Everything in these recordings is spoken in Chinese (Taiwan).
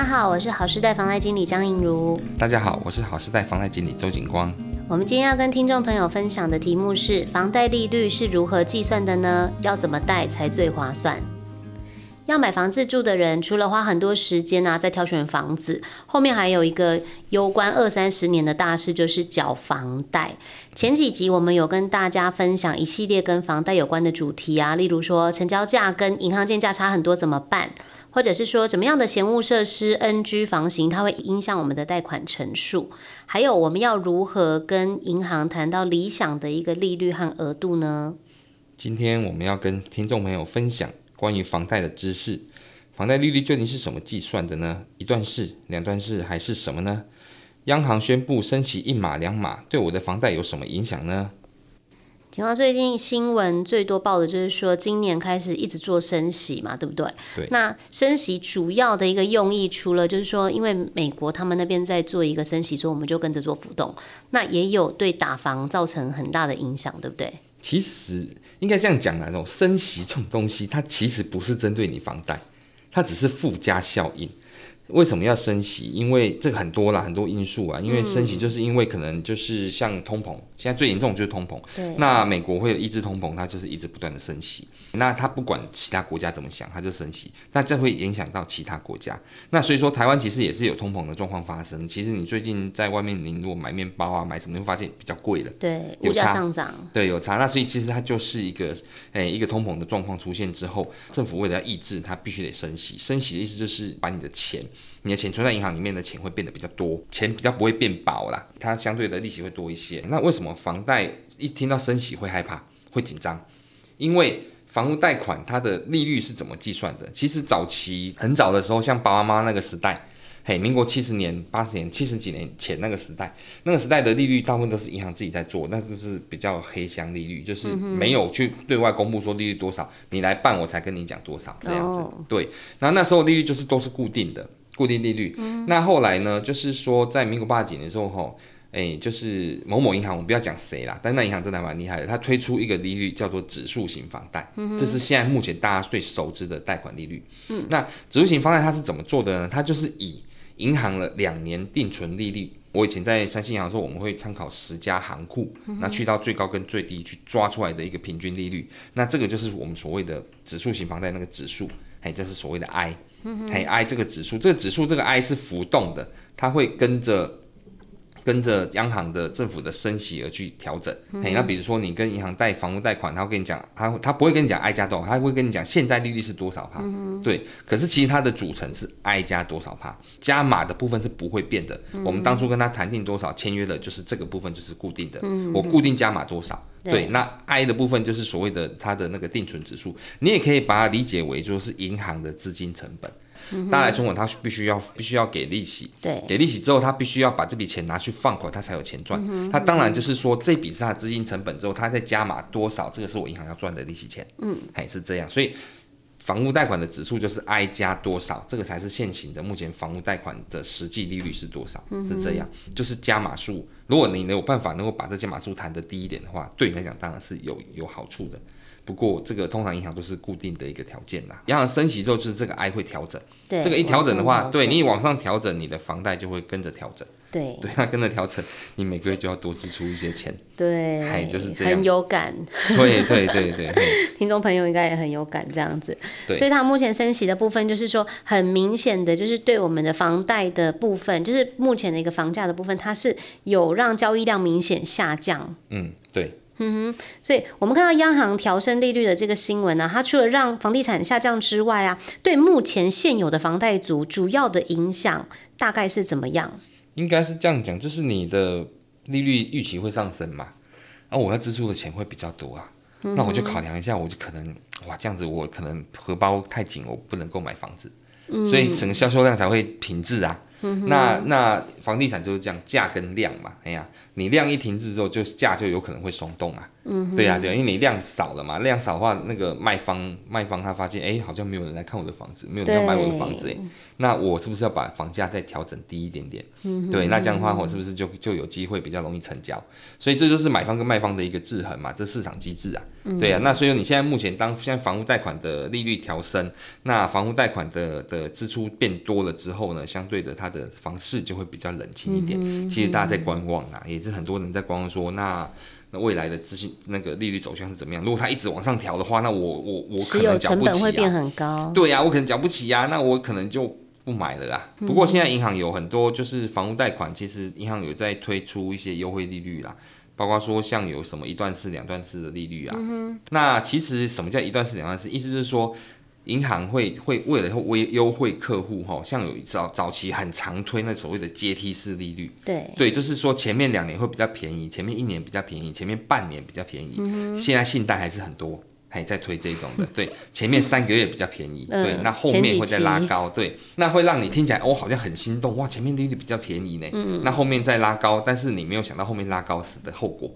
大家好，我是好事貸房貸經理張映如。大家好，我是好事貸房貸經理周景光。我們今天要跟聽眾朋友分享的題目是：房貸利率是如何計算的呢？要怎麼貸才最划算？要買房子住的人，除了花很多時間啊在挑選房子，後面還有一個攸關二三十年的大事，就是繳房貸。前幾集我們有跟大家分享一系列跟房貸有關的主題啊，例如說成交價跟銀行鑑價差很多怎麼辦？或者是說，怎麼樣的嫌惡設施、NG 房型，它會影響我們的貸款成數。還有，我們要如何跟銀行談到理想的一個利率和額度呢？今天我們要跟聽眾朋友分享關於房貸的知識。房貸利率究竟是怎麼計算的呢？一段式、兩段式還是什麼呢？央行宣布升息一碼兩碼，對我的房貸有什麼影響呢？請問最近新聞最多報的就是說，今年開始一直做升息嘛，對不對？對。那升息主要的一個用意，除了就是說，因為美國他們那邊在做一個升息，所以我們就跟着做浮動。那也有對打房造成很大的影響，對不對？其實應該這樣講來哦，升息這種東西，它其實不是針對你房貸，它只是附加效應。為什麼要升息？因為這個很多啦，很多因素啊。因為升息就是因為可能就是像通膨，嗯、現在最嚴重就是通膨。對。那美國會有抑制通膨，它就是一直不斷的升息。那它不管其他國家怎麼想，它就升息。那這會影響到其他國家。那所以說，台灣其實也是有通膨的狀況發生。其實你最近在外面，你如果買麵包啊，買什麼，會發現比較貴了。對，有差，物價上漲。對，有差。那所以其實它就是一個，哎、欸，一個通膨的狀況出現之後，政府為了要抑制，它必須得升息。升息的意思就是把你的錢。你的錢存在銀行裡面的錢會變得比較多，錢比較不會變薄啦，它相對的利息會多一些。那為什麼房貸一聽到升息會害怕、會緊張？因為房屋貸款它的利率是怎麼計算的？其實早期很早的時候，像爸爸媽媽那個時代，嘿，民國七十年、八十年、七十幾年前那個時代，那個時代的利率大部分都是銀行自己在做，那就是比較黑箱利率，就是沒有去對外公布說利率多少，你來辦我才跟你講多少這樣子。Oh. 對，那那時候利率就是都是固定的。固定利率，嗯、那後來呢，就是說，在民國八幾年的時候，吼，誒，就是某某銀行，我們不要講誰啦，但是那銀行真的蠻厲害的，它推出一個利率叫做指數型房貸，嗯、哼這是現在目前大家最熟知的貸款利率。嗯、那指數型房貸它是怎麼做的呢？它就是以銀行的兩年定存利率，我以前在三星銀行的時候，我們會參考十家行庫，那、嗯、哼去到最高跟最低去抓出來的一個平均利率，那這個就是我們所謂的指數型房貸那個指數，哎、欸，這、就是所謂的 I。很 I，這個指數，這個指數，這個 I 是浮動的，它會跟着。跟着央行的政府的升息而去調整、嗯哼，那比如說你跟銀行貸房屋貸款，他會跟你講，他他不會跟你講 i 加多少，他會跟你講現在利率是多少帕，嗯、哼對，可是其實它的組成是 i 加多少帕，加碼的部分是不會變的。嗯、哼我們當初跟他談定多少，簽約的就是這個部分就是固定的，嗯、哼我固定加碼多少，嗯、哼對，那 i 的部分就是所謂的它的那個定存指數，你也可以把它理解為就是銀行的資金成本。大家來存款，他必須要必須要給利息，對給利息之後，他必須要把這筆錢拿去放款，他才有錢賺。嗯嗯、他當然就是說，這筆是他資金成本之後，他再加碼多少，這個是我銀行要賺的利息錢。嗯，哎，是這樣。所以，房屋貸款的指數就是 I 加多少，這個才是現行的。目前房屋貸款的實際利率是多少？嗯、哼是這樣，就是加碼數。如果你沒有辦法能夠把這加碼數談得低一點的話，對你來講當然是有有好處的。不過這個通常銀行都是固定的一個條件啦。銀行升息之後，就是這個 I 會調整。對，這個一調整的話，對，對你往上調整，你的房貸就會跟着調整。對，對，它跟着調整，你每個月就要多支出一些錢。對，還就是這樣，很有感。對對對對，對 聽眾朋友應該也很有感這樣子。對所以它目前升息的部分，就是說很明顯的，就是對我們的房貸的部分，就是目前的一個房價的部分，它是有讓交易量明顯下降。嗯，對。嗯哼，所以我們看到央行調升利率的這個新聞呢、啊，它除了讓房地產下降之外啊，對目前現有的房貸族主要的影響大概是怎麼樣？應該是這樣講，就是你的利率預期會上升嘛，然、啊、後我要支出的錢會比較多啊，嗯、哼那我就考量一下，我就可能哇這樣子我可能荷包太緊，我不能夠買房子，所以整個銷售量才會停滯啊。嗯嗯、哼，那那房地產就是這樣，價跟量嘛，哎呀、啊，你量一停止之後，就價就有可能會鬆動嘛。嗯，對啊，對，因為你量少了嘛，量少的話，那個賣方賣方他發現，哎、欸，好像沒有人來看我的房子，沒有人要買我的房子，哎、欸，對那我是不是要把房價再調整低一點點？嗯哼，對，那這樣的話，我是不是就就有機會比較容易成交？所以這就是買方跟賣方的一個制衡嘛，這是市場機制啊。對啊。嗯、哼那所以說你現在目前當現在房屋貸款的利率調升，那房屋貸款的的支出變多了之後呢，相對的它。的方式就會比較冷清一點，其實大家在觀望啊，也是很多人在觀望說，那那未來的資信那個利率走向是怎麼樣？如果它一直往上調的話，那我我我可能繳不起啊，對呀、啊，我可能繳不起呀、啊，那我可能就不買了啦。不過現在銀行有很多就是房屋貸款，其實銀行有在推出一些優惠利率啦，包括說像有什麼一段式、兩段式的利率啊。那其實什麼叫一段式、兩段式？意思就是說。銀行會會為了會為優惠客戶哈，像有早早期很常推那所謂的階梯式利率，對對，就是說前面兩年會比較便宜，前面一年比較便宜，前面半年比較便宜，嗯、哼現在信貸還是很多，還在推這種的，嗯、對，前面三個月比較便宜，嗯、對，那後面會再拉高，對，那會讓你聽起來哦，好像很心動哇，前面利率比較便宜呢，嗯、那後面再拉高，但是你沒有想到後面拉高時的後果。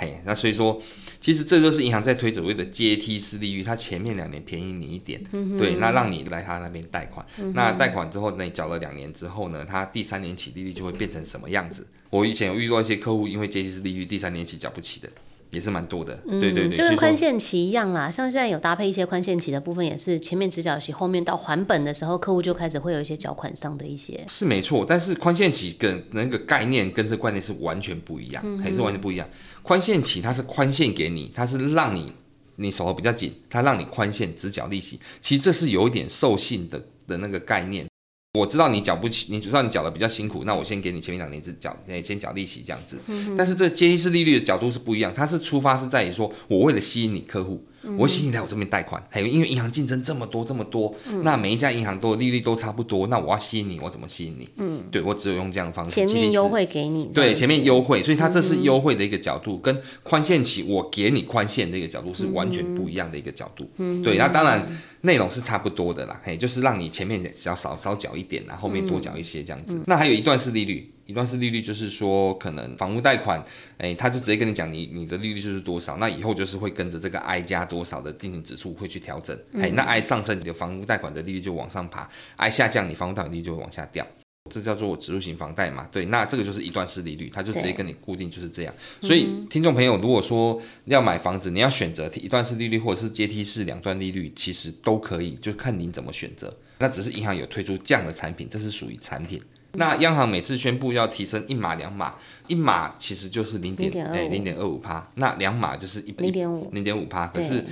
嘿，那所以說，其實這就是銀行在推所謂的階梯式利率，它前面兩年便宜你一點，嗯、哼對，那讓你來他那邊貸款，嗯、哼那貸款之後，那你繳了兩年之後呢，他第三年起利率就會變成什麼樣子？嗯、哼我以前有遇到一些客戶，因為階梯式利率，第三年起繳不起的。也是蠻多的，嗯、對對對，就跟寬限期一樣啦，像現在有搭配一些寬限期的部分，也是前面只繳息，後面到還本的時候，客戶就開始會有一些繳款上的一些。是沒錯，但是寬限期跟那個概念跟這個概念是完全不一樣，嗯、哼還是完全不一樣。寬限期它是寬限給你，它是讓你你手頭比較緊，它讓你寬限只繳利息，其實這是有一點授信的的那個概念。我知道你繳不起，你知道你繳的比較辛苦，那我先給你前面兩年只繳，先繳利息這樣子。嗯嗯，但是這個階梯式利率的角度是不一樣，它是出發是在於說，我為了吸引你客戶。我吸引你來我這邊貸款，還有因為銀行競爭這麼多這麼多，嗯、那每一家銀行都利率都差不多，那我要吸引你，我怎麼吸引你？嗯，對，我只有用這樣的方式前面優惠給你，對前面優惠，所以它這是優惠的一個角度，嗯、跟寬限期我給你寬限的一個角度是完全不一樣的一個角度。嗯，對，那當然內容是差不多的啦，嗯、嘿，就是讓你前面只要少少繳一點，然後後面多繳一些這樣子。嗯嗯、那還有一段是利率一段式利率。一段式利率就是說，可能房屋貸款，誒、欸，他就直接跟你講，你你的利率就是多少，那以後就是會跟着這個 I 加多少的定型指數會去調整，誒、嗯欸，那 I 上升，你的房屋貸款的利率就往上爬，、嗯、，I 下降，你房屋貸款利率就會往下掉。這叫做指數型房貸嘛？對，那這個就是一段式利率，他就直接跟你固定就是這樣。對所以，聽眾朋友，如果說要買房子，你要選擇一段式利率或者是階梯式兩段利率，其實都可以，就看你怎麼選擇。那只是銀行有推出這樣的產品，這是屬於產品。那央行每次宣布要提升一碼兩碼，一碼其實就是零點哎零點二五趴那兩碼就是一零點五零點五趴可是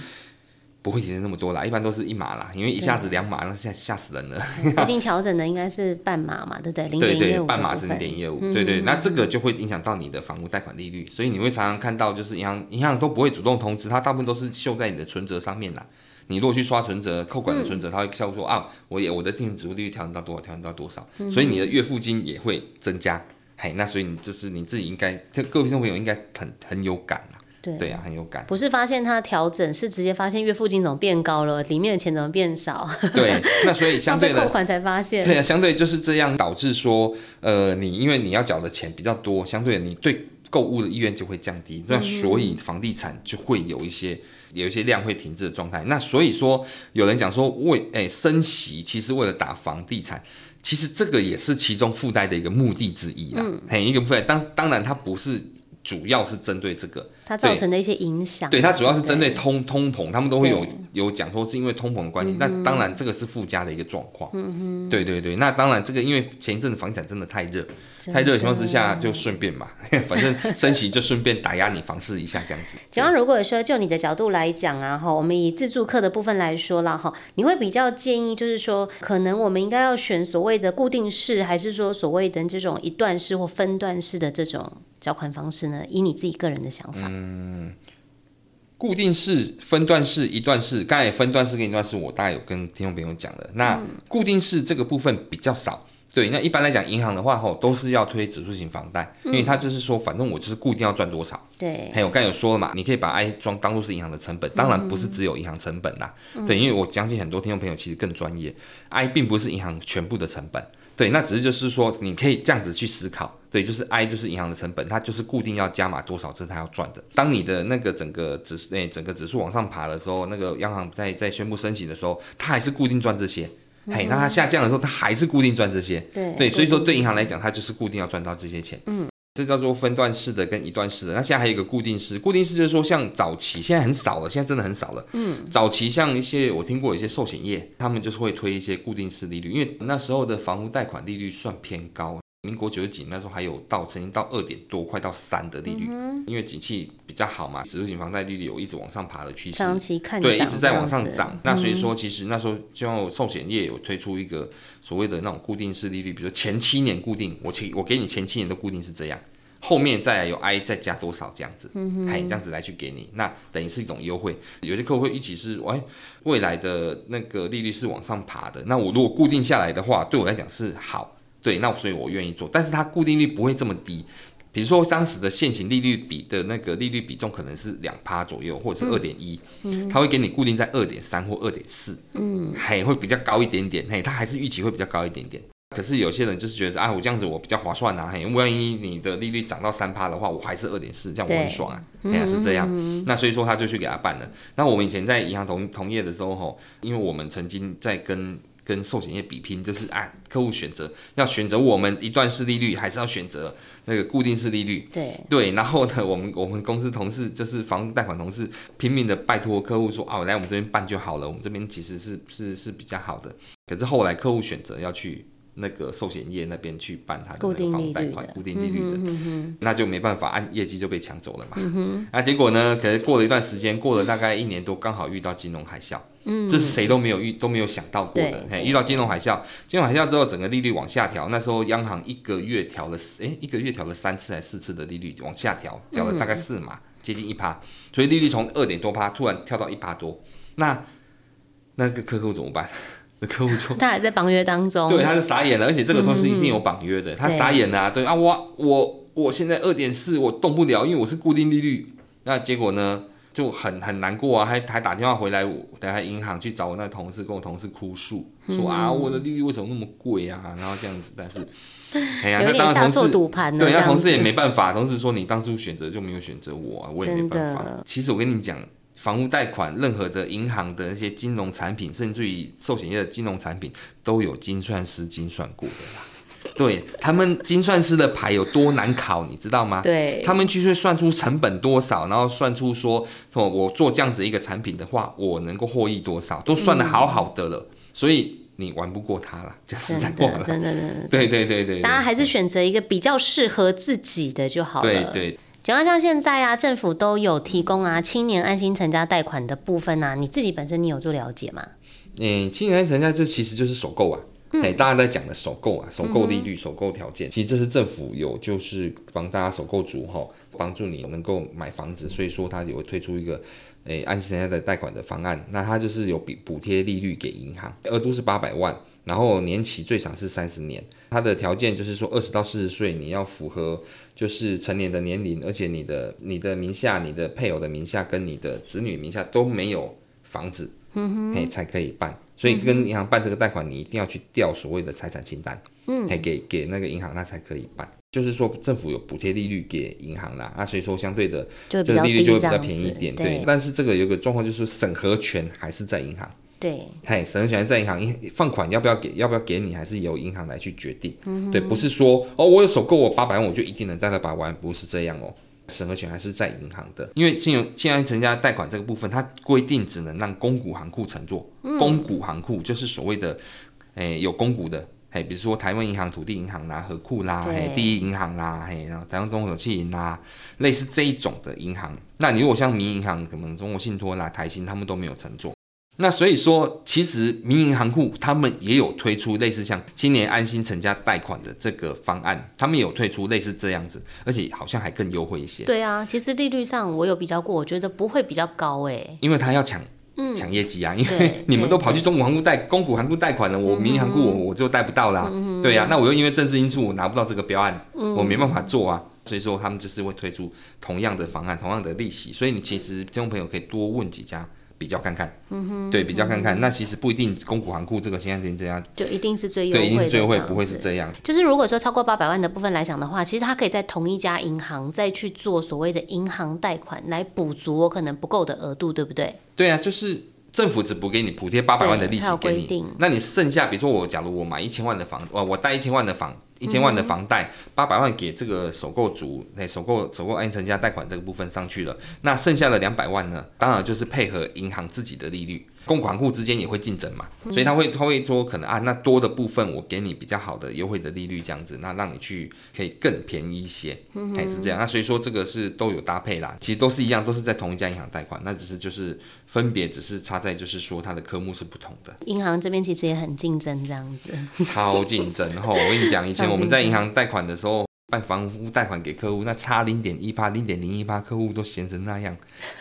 不會提升那麼多啦，一般都是一碼啦，因為一下子兩碼對 那嚇嚇死人了。對 最近調整的應該是半碼嘛，對不對,對？對,對對，半碼是零點一二五。對,對對，那這個就會影響到你的房屋貸款利率，所以你會常常看到就是銀行銀行都不會主動通知，它大部分都是秀在你的存折上面啦。你如果去刷存摺扣款的存摺，他會笑說、嗯、啊，我也我的定存指數利率調整到多少，調整到多少，所以你的月付金也會增加。嗯、哼嘿，那所以你就是你自己應該各位聽眾朋友應該很很有感啊。對，對啊，很有感。不是發現它調整，是直接發現月付金怎麼變高了，裡面的錢怎麼變少。對，那所以相對的扣款才發現。對啊，相對就是這樣導致說，呃，你因為你要繳的錢比較多，相對的你對。購物的意願就會降低，那所以房地產就會有一些有一些量會停滯的狀態。那所以說，有人講說為誒、欸、升息，其實為了打房地產，其實這個也是其中附帶的一個目的之一啦，很、嗯、一個附帶。當當然，它不是。主要是針對這個它造成的一些影響、啊，對，它主要是針對通對通膨，他們都會有對有講說是因為通膨的關係。那、嗯、哼當然這個是附加的一個狀況，嗯哼。對對對。那當然這個因為前一陣子房地產真的太熱，的太熱的情況之下，就順便嘛，嗯、哼反正升息就順便打壓你房市一下這樣子。 對假如，如果說就你的角度來講啊，哈，我們以自住客的部分來說了哈，你會比較建議就是說，可能我們應該要選所謂的固定式，還是說所謂的這種一段式或分段式的這種繳款方式呢？以你自己個人的想法，嗯，固定式、分段式、一段式，剛才分段式跟一段式，我大概有跟聽眾朋友講的。那固定式這個部分比較少，嗯、對。那一般來講，銀行的話，吼，都是要推指數型房貸，因為它就是說，反正我就是固定要賺多少，對、嗯。還有剛才有說了嘛，你可以把 I 裝當做是銀行的成本，當然不是只有銀行成本啦，嗯、對。因為我相信很多聽眾朋友其實更專業、嗯、I 並不是銀行全部的成本。對，那只是就是說，你可以這樣子去思考，對，就是 I 就是銀行的成本，它就是固定要加碼多少，這是它要賺的。當你的那個整個指數誒、欸、整個指數往上爬的時候，那個央行在在宣布升息的時候，它還是固定賺這些，嗯、嘿，那它下降的時候，它還是固定賺這些，對，對，所以說對銀行來講，它就是固定要賺到這些錢，嗯。這叫做分段式的跟一段式的，那現在還有一個固定式，固定式就是說像早期，現在很少了，現在真的很少了。嗯，早期像一些我聽過一些壽險業，他們就是會推一些固定式利率，因為那時候的房屋貸款利率算偏高。民國九十幾那時候還有到曾經到二點多，快到三的利率，嗯、哼因為景氣比較好嘛，指數型房貸利率有一直往上爬的趨勢，長期看長，對，一直在往上漲。那所以說，其實那時候就壽險業有推出一個所謂的那種固定式利率，嗯、哼比如說前七年固定，我前我給你前七年都固定是這樣，後面再來有 I 再加多少這樣子，哎、嗯哼，還這樣子來去給你，那等於是一種優惠。有些客戶會預期是，喂、哎，未來的那個利率是往上爬的，那我如果固定下來的話，嗯、哼對我來講是好。對，那所以我願意做，但是它固定率不會這麼低。比如說當時的現行利率比的那個利率比重可能是兩趴左右，或者是二點一，嗯，它會給你固定在二點三或二點四，嗯，嘿，會比較高一點點，嘿，它還是預期會比較高一點點。可是有些人就是覺得，啊，我這樣子我比較划算啊，嘿，萬一你的利率漲到三趴的話，我還是二點四，這樣我很爽啊，嗯、嘿啊是這樣。嗯嗯、那所以說他就去給他辦了。那我們以前在銀行同同業的時候，吼，因為我們曾經在跟。跟壽險業比拼，就是按、啊、客戶選擇要選擇我們一段式利率，還是要選擇那個固定式利率？對對。然後呢，我們我們公司同事就是房子貸款同事，拼命的拜托客戶說啊，我來我們這邊辦就好了，我們這邊其實是是是比較好的。可是後來客戶選擇要去那個壽險業那邊去辦他的那個房貸款固定利率的，那就沒辦法，按業績就被搶走了嘛。嗯、哼那結果呢？可是過了一段時間，過了大概一年多，剛好遇到金融海嘯。這是誰都沒有遇、嗯、都沒有想到過的。嘿，對對對，遇到金融海嘯。金融海嘯之後，整個利率往下調。那時候央行一個月調了，誒、欸，一個月調了三次還四次的利率往下調，調了大概四嘛，嗯、哼接近一趴。所以利率從二點多趴突然跳到一趴多，那那個客戶怎麼辦？那 客戶戶就 他還在綁約當中，對，他是傻眼了。而且這個東西一定有綁約的，嗯、哼他傻眼了、啊。對啊，我我我現在二點四，我動不了，因為我是固定利率。那結果呢？就很很難過啊，還還打電話回來我，我等下銀行去找我那同事，跟我同事哭訴，說啊，嗯、我的利率為什麼那麼貴啊，然後這樣子，但是，哎呀 是，那當時同事，對，那同事也沒辦法，同事說你當初選擇就沒有選擇我啊，我也沒辦法。的其實我跟你講，房屋貸款、任何的銀行的那些金融產品，甚至於壽險業的金融產品，都有精算師精算過的啦。 對，他們精算師的牌有多難考，你知道嗎？對，他們去算出成本多少，然後算出說、哦、我做這樣子一個產品的話，我能夠獲益多少，都算得好好的了。嗯、所以你玩不過他了，就實在過了。真的真的，對對對,對,對,對,對大家還是選擇一個比較適合自己的就好了。對,對對。假如像現在啊，政府都有提供啊，青年安心成家貸款的部分啊，你自己本身你有做了解嗎？嗯、欸，青年安心成家這其實就是首購啊。哎，大家在講的首購啊，首購利率、首購條件，嗯、哼其實這是政府有就是幫大家首購族吼，幫助你能夠買房子，所以說它有會推出一個，哎、欸，按揭的貸款的方案。那它就是有補補貼利率給銀行，額度是八百萬，然後年期最長是三十年。它的條件就是說二十到四十歲你要符合就是成年的年齡，而且你的你的名下、你的配偶的名下跟你的子女名下都沒有房子，嗯哼嘿，才可以辦。所以跟銀行辦這個貸款，你一定要去調所謂的財產清單，嗯，給給那個銀行，那才可以辦。就是說，政府有補貼利率給銀行啦，啊，所以說相對的，這，這個利率就會比較便宜一點，對。對但是這個有個狀況，就是審核權還是在銀行，對，嘿，審核權在銀行，放款要不要給要不要給你，還是由銀行來去決定，嗯、哼對，不是說哦，我有首購我八百萬，我就一定能貸到八百萬，不是這樣哦。審核權還是在銀行的，因為信用青安成家貸款這個部分，它規定只能讓公股行庫承做，公、嗯、股行庫就是所謂的，哎、欸，有公股的，哎，比如說台灣銀行、土地銀行啦、合庫啦，哎對，第一銀行啦，嘿，然後台灣中小企銀啦，類似這一種的銀行。那你如果像民營銀行，什麼中國信托啦、台新，他們都沒有承做。那所以說，其實民營行庫他們也有推出類似像青年安心成家貸款的這個方案，他們有推出類似這樣子，而且好像還更優惠一些。對啊，其實利率上我有比較過，我覺得不會比較高哎、欸，因為他要搶搶業績啊，嗯、因為你們都跑去中國行庫、貸、嗯、公股行庫、貸款了，我民營行庫我我就貸不到啦、啊。嗯、對呀、啊，那我又因為政治因素我拿不到這個標案，嗯、我沒辦法做啊。所以說他們就是會推出同樣的方案、同樣的利息，所以你其實聽眾朋友可以多問幾家。比較看看，嗯哼，對，比較看看，嗯、哼那其實不一定，公股行庫這個現在怎樣樣，就一定是最優惠？對，一定是最優惠，不會是這樣。就是如果說超過八百萬的部分來講的話，其實它可以在同一家銀行再去做所謂的銀行貸款，來補足我可能不夠的額度，對不對？對啊，就是政府只補給你補貼八百萬的利息給你、嗯，那你剩下，比如說我，假如我買一千萬的房哦，我貸一千萬的房。一千萬的房貸，八百萬給這個首購族，哎、欸，首購首購安成家貸款這個部分上去了，那剩下的兩百萬呢？當然就是配合銀行自己的利率。供款戶之間也會競爭嘛，所以他會他會說可能啊，那多的部分我給你比較好的優惠的利率，這樣子，那讓你去可以更便宜一些，還是這樣。那所以說這個是都有搭配啦，其實都是一樣，都是在同一家銀行貸款，那只是就是分別只是差在就是說它的科目是不同的。銀行這邊其實也很競爭，這樣子，超競爭齁！我跟你講，以前我們在銀行貸款的時候，辦房屋貸款給客戶，那差零點一趴、零點零一趴，客戶都嫌成那樣，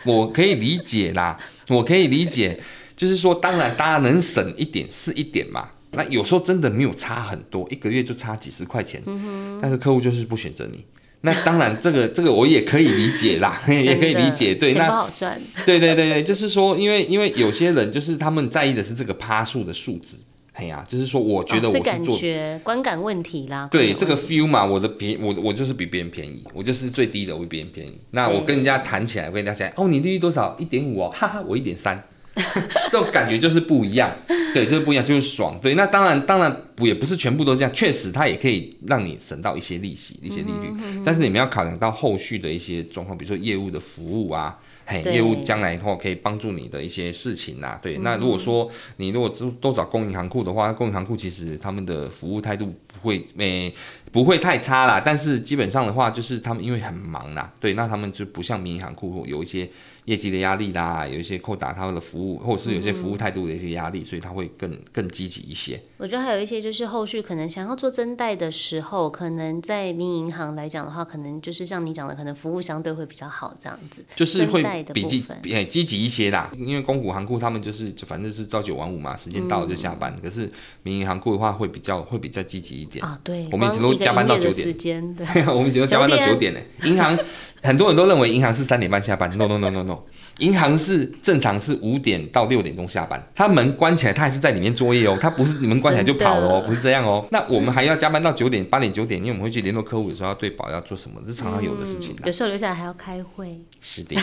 我可以理解啦，我可以理解。 就是說，當然大家能省一點是一點嘛。那有時候真的沒有差很多，一個月就差幾十塊錢。嗯、哼但是客戶就是不選擇你。那當然，這個 這個我也可以理解啦，的也可以理解。對，那不好賺。對對對對， 就是說，因為因為有些人就是他們在意的是這個趴數的數值。哎呀、啊，就是說，我覺得我是做、啊、是感覺觀感問題啦。對，這個 feel 嘛，我的便我我就是比別人便宜，我就是最低的，我比別人便宜。那我跟人家談起來，我跟人家講，對哦，你利率，率多少？一點五哦，哈哈，我一點三。 這種感覺就是不一樣，對，就是不一樣，就是爽。對，那當然，當然不也不是全部都這樣。確實，它也可以讓你省到一些利息、一些利率。嗯哼嗯哼，但是你們要考量到後續的一些狀況，比如說業務的服務啊，嘿，對業務將來以後可以幫助你的一些事情呐、啊。對，嗯、那如果說你如果都都找公銀行庫的話，公銀行庫其實他們的服務態度不會，沒、欸、不會太差啦。但是基本上的話，就是他們因為很忙啦，對，那他們就不像民營銀行庫有一些。業績的壓力啦，有一些擴大他的服務，或者是有些服務態度的一些壓力，嗯、所以他會更更積極一些。我覺得還有一些就是後續可能想要做增貸的時候，可能在民營銀行來講的話，可能就是像你講的，可能服務相對會比較好，這樣子就是會比積積極一些啦。因為公股行庫他們就是反正是朝九晚五嘛，時間到了就下班。嗯、可是民營行庫的話會比較會比較積極一點啊。對，我們一直都加班到九點，時間對， 我們一直都加班到九點呢。點銀行很多人都認為銀行是三點半下班 ，no no no no no。銀行是正常是五點到六點鐘下班，他門關起來，他還是在裡面作業哦，他不是你門關起來就跑了哦，的不是這樣哦。那我們還要加班到九點、八點、九點，因為我們會去聯絡客戶的時候，要對保要做什麼，這是常常有的事情、啊嗯。有時候留下來還要開會，是的，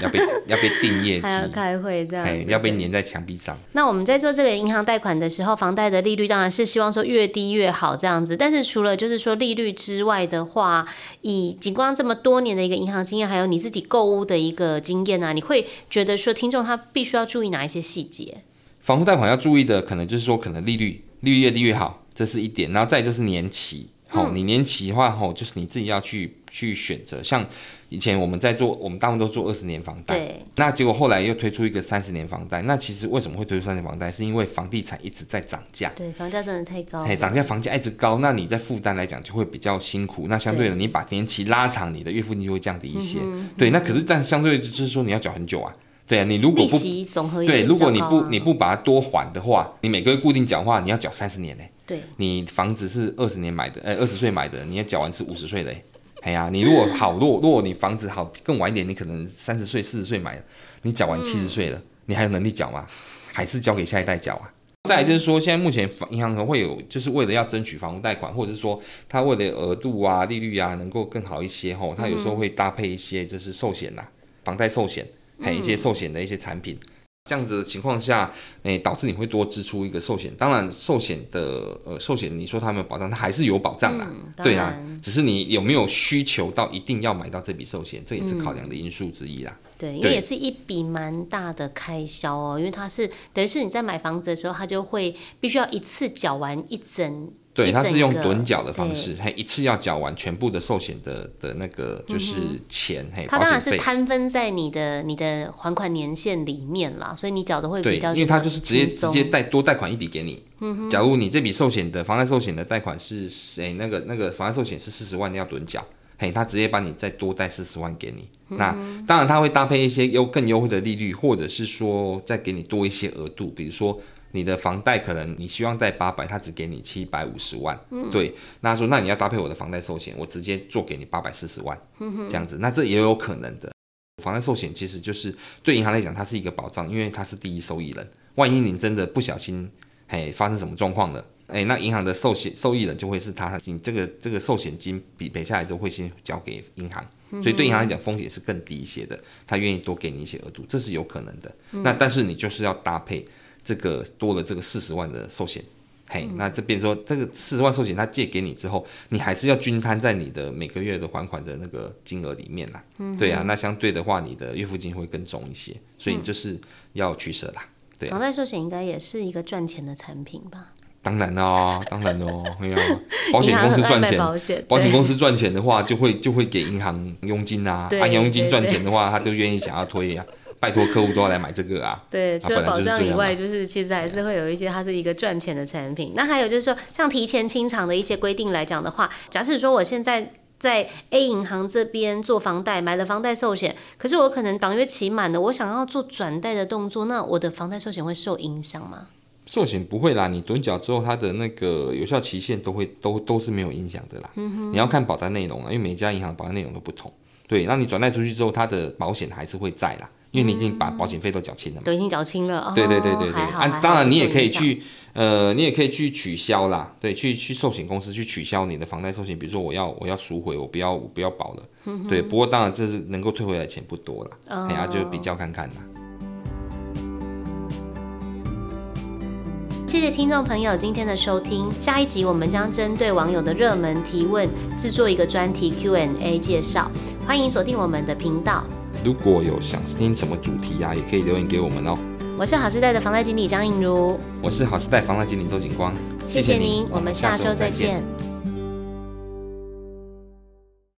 要被 要被定業績，還要開會這樣，要被粘在牆壁上。那我們在做這個銀行貸款的時候，房貸的利率當然是希望說越低越好這樣子。但是除了就是說利率之外的話，以景光這麼多年的一個銀行經驗，還有你自己購物的一個經驗啊，你會。覺得說，聽眾他必須要注意哪一些細節？房屋貸款要注意的，可能就是說，可能利率，利率越低越好，這是一點，然後再就是年期。好，你年期的話，吼，就是你自己要去去選擇。像以前我們在做，我們大部分都做二十年房貸。對。那結果後來又推出一個三十年房貸。那其實為什麼會推出三十年房貸？是因為房地產一直在漲價。對，房價真的太高。對，漲價，房價一直高，對那你在負擔來講就會比較辛苦。那相對的，你把年期拉長，你的月付金就會降低一些。對，對。那可是，但相對就是說，你要繳很久啊。對啊，你如果不、啊、對，如果你不你不把它多還的話，你每個月固定繳的話，你要繳三十年嘞。對，你房子是二十年買的，呃，二十歲買的，你要繳完是五十歲嘞。哎呀、啊，你如果好，嗯、如果如果你房子好，更晚一點，你可能三十歲、四十歲買的，你繳完七十歲了，嗯、你還有能力繳嗎？還是交給下一代繳啊？再來就是說，現在目前銀行可能會有，就是為了要爭取房屋貸款，或者是說，它為了額度啊、利率啊能夠更好一些吼、哦，它有時候會搭配一些就是壽險吶、啊，嗯、房貸壽險。買一些壽險的一些產品，這樣子的情況下，誒，導致你會多支出一個壽險。當然，壽險的呃壽險，你說它沒有保障，它還是有保障的、嗯，對啊。只是你有沒有需求到一定要買到這筆壽險，這也是考量的因素之一啦、嗯。對，因為也是一筆蠻大的開銷哦，因為它是等於是你在買房子的時候，它就會必須要一次繳完一整。對，他是用躉繳的方式，一一嘿，一次要繳完全部的壽險的的那個就是錢，嘿、嗯哼，保險他當然是攤分在你的你的還款年限裡面啦，所以你繳的會比較輕鬆。對，因為他就是直接直接貸多貸款一筆給你。嗯、哼假如你這筆壽險的房貸壽險的貸款是哎、欸、那個那個房貸壽險是四十萬要躉繳，嘿、欸，他直接幫你再多貸四十萬給你。嗯、哼那當然他會搭配一些優更優惠的利率，或者是說再給你多一些額度，比如說。你的房貸可能你希望貸八百，他只給你七百五十萬，嗯、對，那他說，那你要搭配我的房貸壽險，我直接做給你八百四十萬，嗯、哼這樣子，那這也有可能的。房貸壽險其實就是對銀行來講，它是一個保障，因為它是第一受益人。萬一你真的不小心，哎，發生什麼狀況了，誒、欸，那銀行的壽險受益人就會是他，你這個這個壽險金理賠下來之後會先交給銀行，嗯、哼所以對銀行來講風險是更低一些的，他願意多給你一些額度，這是有可能的。嗯、那但是你就是要搭配。這個多了這個四十萬的壽險，嗯、嘿，那這邊說這個四十萬壽險，他借給你之後，你還是要均攤在你的每個月的還款的那個金額裡面啦。嗯哼，對啊，那相對的話，你的月付金會更重一些，所以就是要取捨啦。嗯、對、啊，房貸壽險應該也是一個賺錢的產品吧？當然啦、喔，當然哦、喔。哎呀、 啊，保險公司賺錢，保險公司賺錢的話就，就會就會給銀行佣金、啊、對、對、對、啊，按佣金賺錢的話，他就願意想要推呀、啊。對對對 拜託客戶都要來買這個啊！對，啊、除了保障以外，就是其實還是會有一些，它是一個賺錢的產品。對那還有就是說，像提前清償的一些規定來講的話，假設說我現在在 A 銀行這邊做房貸，買了房貸壽險，可是我可能綁約期滿了，我想要做轉貸的動作，那我的房貸壽險會受影響嗎？壽險不會啦，你躉繳之後，它的那個有效期限都會都都是沒有影響的啦。嗯、哼你要看保單內容啦，因為每家銀行保單內容都不同。對，那你轉貸出去之後，它的保險還是會在啦。因為你已經把保險費都繳清了嘛，都已經繳清了。對對對對對，對、嗯，啊、哦啊、當然你也可以去，呃，你也可以去取消啦。對，去去壽險公司去取消你的房貸壽險，比如說我要我要贖回，我不要我不要保了。嗯、哼對，不過當然這是能夠退回來的錢不多啦，哎呀、哦啊、就比較看看啦。謝謝聽眾朋友今天的收聽，下一集我們將針對網友的熱門提問製作一個專題 Q&A 介紹，歡迎鎖定我們的頻道。如果有想聽什麼主題呀、啊，也可以留言給我們哦。我是好事貸的房貸經理張映茹，我是好事貸房貸經理周景光，謝謝您，謝謝您，我們下周再見。